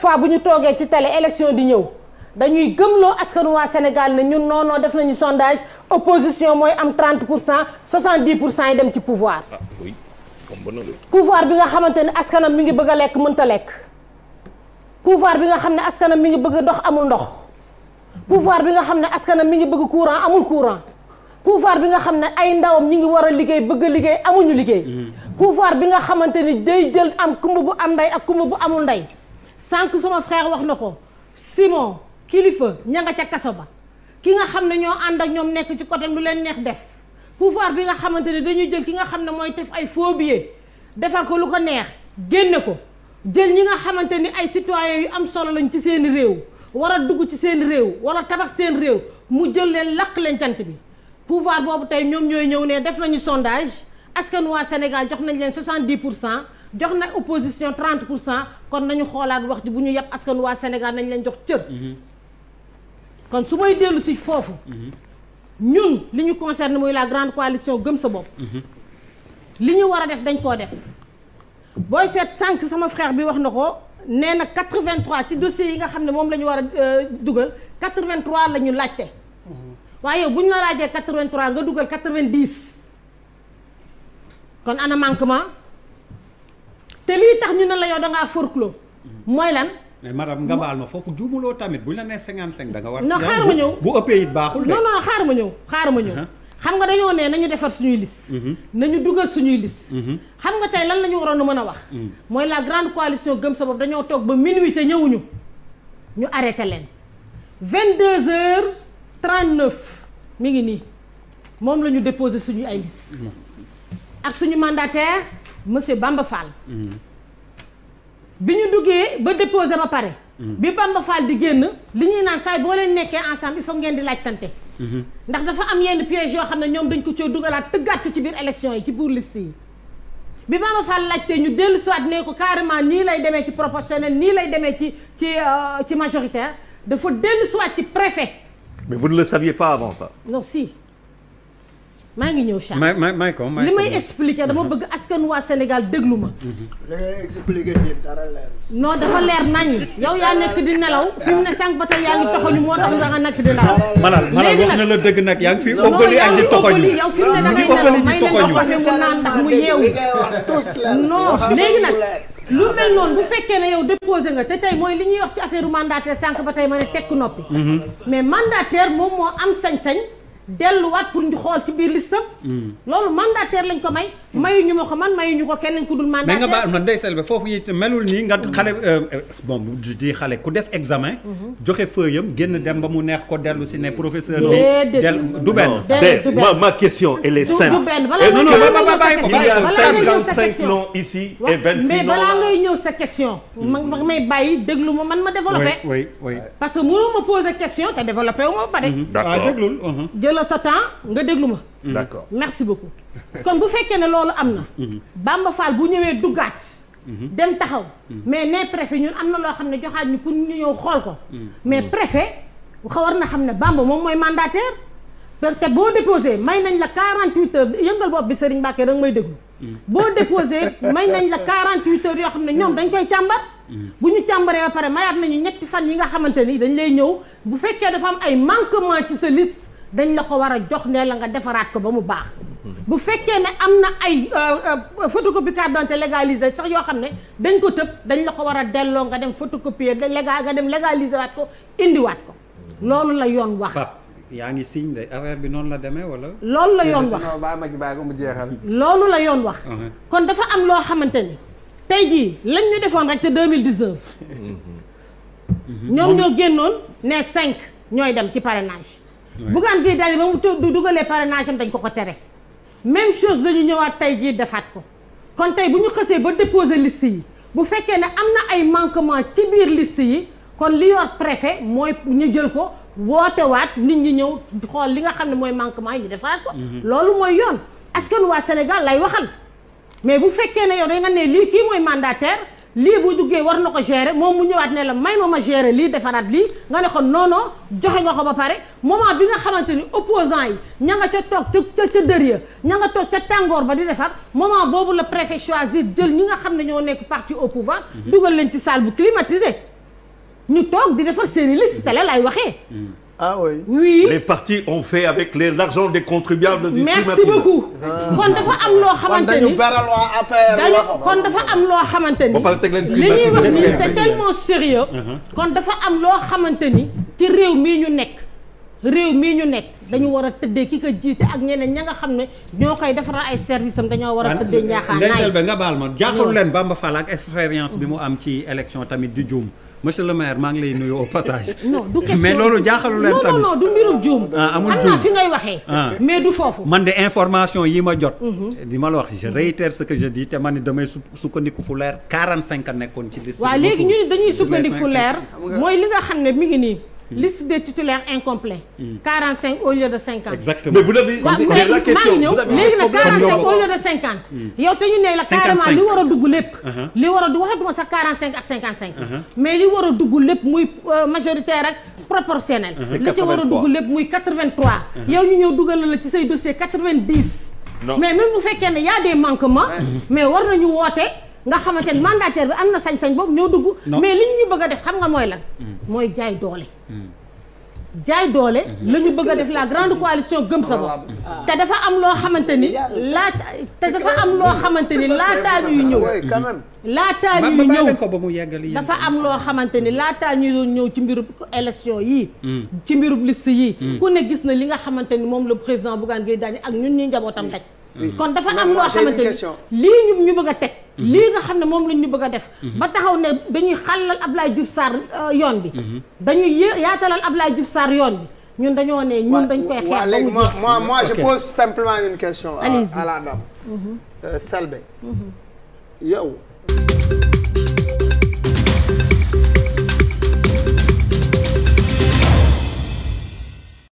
fois bu ñu toogee ci télé élection di ñëw dañuy gëmloo askan waa Sénégal ne ñun non non def nañu sondage opposition mooy am 30 pour cent 70 pour cent yi dem ci pouvoir. ah pouvoir bi nga xamante ne askanam mi ngi bëgg a lekk mënta lekk. pouvoir bi nga xam ne askanam mi ngi bëgg ndox amul ndox. pouvoir bi nga xam ne askanam mi ngi bëgg courant amul courant. pouvoir bi nga xam ne ay ndawam ñi ngi war a liggéey bëgg a liggéey amuñu liggéey. Mm. pouvoir bi nga xamante ni day jël am kumba bu am ndey ak kumba bu amul ndey. sànq sama frère wax na ko Simon kilifa ña ca kaso ba ki nga xam ne ñoo ànd ak ñoom nekk ci côté lu leen neex def pouvoir bi nga xamante ni dañuy jël ki nga xam ne mooy def ay faux billets defar ko lu ko neex génne ko jël ñi nga xamante ni ay citoyens yu am solo lañ ci seeni réew war dugg ci seen réew wala tabax seen réew mu jël leen lakk leen cant bi pouvoir boobu tey ñoom ñooy ñëw ne def nañu sondage askan waa Sénégal jox nañ leen 70 pour cent jox na opposition 30 pour cent kon nañu xoolaat wax ji bu ñu yàq askan waa Sénégal nañ lañ jox cër. Mhm. kon su may dellu si foofu. Mhm. ñun li ñu concerne mooy la grande coalition gëm sa bopp. Mhm. li ñu war a def dañ koo def. booy seet sànq sama frère bi wax na ko nee na 83 ci dossier yi nga xam ne moom la ñu war a euh, dugal 83 la ñu laajte. waaye yow bu ñu la laajee 83 nga dugal 90. kon ana manquement. te lii tax ñu ne la yow da ngaa mooy lan. mais madame nga baal ma foofu juumuloo tamit bu ñu la nee 55 da nga war. non xaar ma ñëw bu ëppee it baaxul. non non xaar ma ñëw xaar ma ñëw. Uh-huh. xam nga dañoo ne nañu defar suñuy liste mm-hmm. nañu dugal suñuy liste mm-hmm. xam nga tey lan la ñu waroon a mën a wax mm. mooy la grande coalition gëm sa bopp dañoo toog ba minuit te ñëwuñu ñu arrêté leen vingt deux heures trente neuf mi ngi nii moom lañu ñu déposé suñu ay liste mm. ak suñu mandataire monsieur Bamba Fall. Mm-hmm. bi ñu duggee ba déposer ba pare. Mm-hmm. bi Bamba Fall di génn li ñuy naan saay boo leen nekkee ensemble il faut ngeen di laajtante. Mm-hmm. ndax dafa am yenn piège yoo xam ne ñoom dañ ko coo dugalaat tëggaat ko ci biir élection yi ci biir liste yi. bi Bamba Fall laajte ñu dellu soit ne ko carrément nii lay demee ci proportionnel nii lay demee ci ci euh, ci majoritaire dafa dellu suwaat ci préfet. mais vous ne le saviez pas avant ça. si. maa ngi ñëw Charles may may ko may li may expliquer dama bëgg askan waa Sénégal déglu ma. li ngay dara leer. dafa leer nañ yow yaa nekk di nelaw fi mu ne sànq ba tey yaa ngi toxoñu moo tax nga nekk di nelaw. malal malal wax na la dëgg nag yaa ngi fi ëppali ak di toxoñu yow fi mu ne dangay nelaw may nañ ko mu naan ndax mu yeewu. non léegi nag. lu mel noonu bu fekkee ne yow déposé nga te tey mooy li ñuy wax ci affaire mandataire sànq ba tey ma ne tekk noppi. Mm-hmm. mais mandataire moom am sañ-sañ. delluwaat pour ñu xool ci biir listam hmm. loolu mandataire lañ ko may mayuñu ma ko man mayuñu ko kenn ku dul mandataire mais nga baal ma Ndeye Selbé foofu it melul nii nga xale euh, euh, bon di xale ku def examen. Mhm. joxe feuille génn dem ba mu neex ko dellu si ne professeur bi. del du benn. ma ma question elle est balaa ngay ñëw sa question. ma ma may bàyyi déglu ma man ma développé. oui parce que mënoo ma poser question te développé wu ma pare. d'accord ah, déglul. Uh-huh. jëlal sa temps nga déglu ma. Mm-hmm. d'accord merci beaucoup. kon bu fekkee ne loolu am na. Mm-hmm. Bamba Fall bu ñëwee duggaat. Mm-hmm. dem taxaw. mais nee préfet ñun am na loo xam ne joxaat ñu pour ñu ñëw xool ko. mais préfet war na xam ne Bamba moom mooy mandataire. parce que boo déposé may nañ la 48 heures yëngal bopp bi Serigne Mbacké da nga may déglu. boo déposé may nañ la 48 heures yoo xam ne ñoom dañ koy càmbar. bu ñu càmbaree ba pare mayaat nañu ñetti fan yi nga xamante ni dañ lay ñëw bu fekkee dafa am ay manquement ci sa liste. dañ la ko war a jox ne la nga defaraat ko ba mu baax bu fekkee ne am na ay euh, euh, photocopie carte d'identité légalisé sax yoo xam ne dañ ko tëb dañ la ko war a delloo nga dem photocopier légal nga dem légaliser waat ko indiwaat ko loolu la yoon wax yaa ngi signe de bi noonu la demee wala. loolu la yoon wax loolu la yoon wax. Uh-huh. kon dafa am loo xamante ni tey jii lañ ñu defoon rek ca deux mille dix neuf. ñoom ñoo génnoon ne cinq ñooy dem ci parrainage. Bougane Gueye Dany ba mu dugalee parrainage am dañ ko ko tere même chose la ñëwaat tey jii defaat ko kon tey bu ñu xësee ba déposer liste yi bu fekkee ne am na ay manquement ci biir liste yi kon li yor préfet mooy ñu jël ko wootewaat nit ñi ñëw xool li nga xam ne mooy manquement yi ñu defaat ko mhm. loolu mooy yoon askan waa Sénégal lay waxal mais bu fekkee ne yow da nga nee lii kii mooy mandataire lii bu duggee war na ko gérer moom mu ñëwaat ne la may ma ma gérer lii defaraat lii nga ne ko non joxe nga ko ba pare moment bi nga xamante ni opposant yi ña nga ca toog ca ca derrière ña nga toog ca tàngoor ba di defar moment boobu la préfet choisir jël ñi nga xam ne ñoo nekk parti au pouvoir mhm. dugal leen ci saal bu climatisé ñu toog di defar seen i liste télé laay waxee mhm. ah oui oui les partis ont fait avec les l'argent des contribuables di merci beaucoup ah. kon dafa am loo xamante ni loo xamante ni li ñuy wax nii c'est tellement sérieux uh-huh. kon dafa am loo xamante ni ci réew mii ñu nekk réew mii ñu nekk dañu war a tëddee ki ko jiite ak ñeneen ña nga xam ne ñoo koy defaral ay service am dañoo war a tëddee ñaaxaan nga baal ma jàppal leen Bamba Fall ak expérience bi mu am ci élection tamit di juum monsieur le maire maa ngi lay nuyu au passage. non du question mais loolu jaaxalu leen tamit non non du mbirum juum. Ah, xam naa fi ngay waxee. Ah. mais du foofu. man de information yi ma jot. Mhm. di ma la wax je réitère ce que je dis te man ni damay sukkandiku fu leer 45 a nekkoon ci liste. waaw léegi ñu ne dañuy sukkandiku fu leer mooy li nga xam ne mi ngi nii. liste des titulaires incomplets. 45 hmm. au lieu de mais vous l'avez maa ngi ñëw léegi nag 45 au lieu hmm. yow te ñu ne la carrément li war a dugg lépp. Uh-huh. li war a dugg waxatuma sax 45 ak uh-huh. mais li war a dugg lépp muy euh, majoritaire ak proportionnel. Uh-huh. li ci war a dugg lépp muy yow ñu ñëw dugal la ci say dossier 90. mais même bu fekkee ne y a des manquements. mais war nañu woote. nga xamante ne mandataire bi am na sañ-sañ boobu ñoo dugg. mais li ñu bëgg a def xam nga mooy lan. Mm. mooy jaay doole. Mm. jaay doole mm-hmm. la ñu bëgg a def la grande coalition gëm sa bopp ah. te dafa am loo xamante ni laa te dafa am loo xamante ni laataa ñuy ñëw laataa ñuy ñëw dafa am loo xamante ni laataa ñuy ñëw ci mbirub élection yii mm. ci mbirub liste yii ku ne gis na li nga xamante ni moom la président Bougane Gueye Dany ak ñun ñi njabootam daj Mm-hmm. kon dafa am loo xamante ni lii ñu ñu bëgg a teg mm-hmm. lii nga xam ne moom lañ ñu bëgg a def mm-hmm. ba taxaw ne dañuy xàllal Ablaye Diouf Sarr euh, yoon bi dañuy yaatalal Ablaye Diouf Sarr yoon bi ñun dañoo ne ñun dañ koy xeex léegi moi moi moi je pose simplement une question à la